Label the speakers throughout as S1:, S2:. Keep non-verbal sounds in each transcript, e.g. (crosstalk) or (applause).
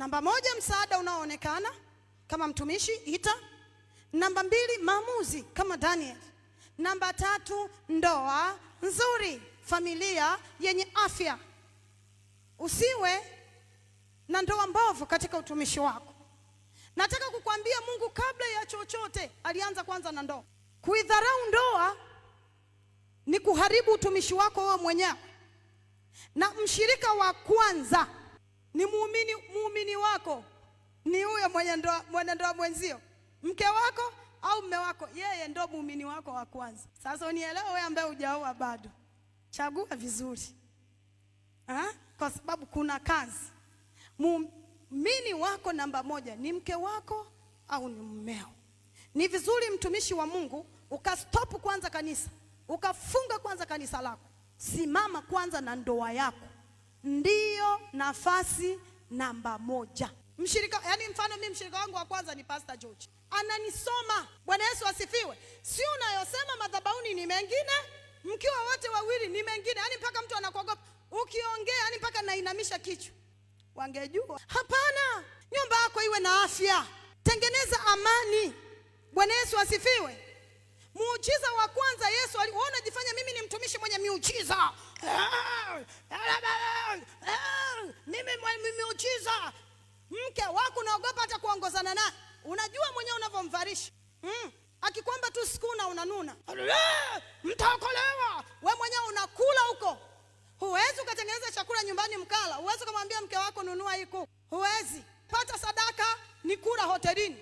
S1: Namba moja, msaada unaoonekana kama mtumishi Ita. Namba mbili, maamuzi kama Daniel. Namba tatu, ndoa nzuri, familia yenye afya. Usiwe na ndoa mbovu katika utumishi wako. Nataka kukwambia Mungu kabla ya chochote alianza kwanza na ndoa. Kuidharau ndoa ni kuharibu utumishi wako wewe mwenyewe, na mshirika wa kwanza ni muumini muumini wako ni huyo mwanandoa mwenzio, mke wako au mme wako, yeye ndo muumini wako wa kwanza. Sasa unielewa wewe ambaye hujaoa bado, chagua vizuri ha? Kwa sababu kuna kazi. Muumini wako namba moja ni mke wako au ni mmeo. Ni vizuri mtumishi wa Mungu ukastopu kwanza kanisa, ukafunga kwanza kanisa lako. Simama kwanza na ndoa yako, ndiyo nafasi namba moja. Mshirika, yani mfano mimi mshirika wangu wa kwanza ni Pastor George. Ananisoma. Bwana Yesu asifiwe. Si unayosema madhabahuni ni mengine, mkiwa wote wawili ni mengine. Yaani mpaka mtu anakuogopa. Ukiongea yani mpaka nainamisha kichwa. Wangejua. Hapana. Nyumba yako iwe na afya. Tengeneza amani. Bwana Yesu asifiwe. Muujiza wa kwanza Yesu aliona jifanya mimi ni mtumishi mwenye miujiza miujiza. Mke wako unaogopa hata kuongozana naye, unajua mwenyewe unavyomvarisha mm. Akikwamba tu sikuna unanuna, mtaokolewa. We mwenyewe unakula huko, huwezi ukatengeneza chakula nyumbani mkala, huwezi ukamwambia mke wako nunua hii kuku, huwezi pata sadaka, ni kula hotelini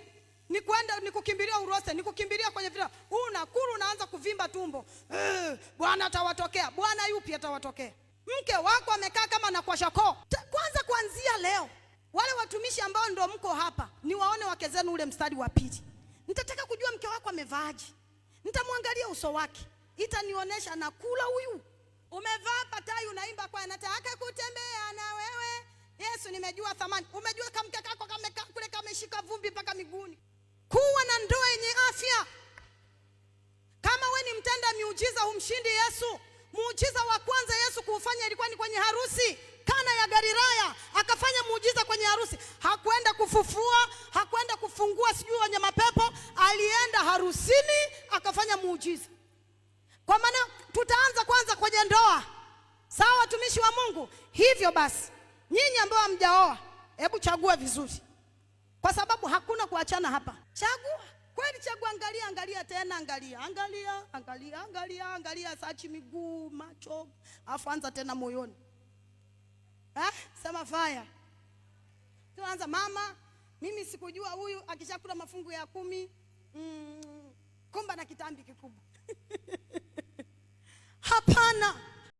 S1: ni kwenda ni kukimbilia uroste, ni kukimbilia kwenye vita. Unakula unaanza kuvimba tumbo. Eh, Bwana atawatokea. Bwana yupi atawatokea? mke wako amekaa kama na kwa Kwanza kuanzia leo, wale watumishi ambao ndio mko hapa, niwaone wake zenu ule mstari wa pili. Nitataka kujua mke wako amevaaje, nitamwangalia uso wake, itanionyesha nakula huyu umevaa patai, unaimba kwa nataka kutembea na wewe Yesu, nimejua thamani. Umejua kamke kako kamekaa kule kameshika vumbi mpaka miguuni. Kuwa na ndoa yenye afya. Kama we ni mtenda miujiza, humshindi Yesu Muujiza wa kwanza Yesu kuufanya ilikuwa ni kwenye harusi Kana ya Galilaya, akafanya muujiza kwenye harusi. Hakuenda kufufua, hakuenda kufungua sijui wenye mapepo, alienda harusini akafanya muujiza. Kwa maana tutaanza kwanza kwenye ndoa, sawa, watumishi wa Mungu? Hivyo basi nyinyi ambao hamjaoa, hebu chagua vizuri, kwa sababu hakuna kuachana hapa. Chagua kweli chagu, angalia angalia tena, angalia angalia angalia angalia angalia, sachi miguu, macho, afu anza tena moyoni eh, sema faya. tuanza. mama, mimi sikujua huyu akishakula mafungu ya kumi mm, kumba na kitambi kikubwa (laughs) hapana.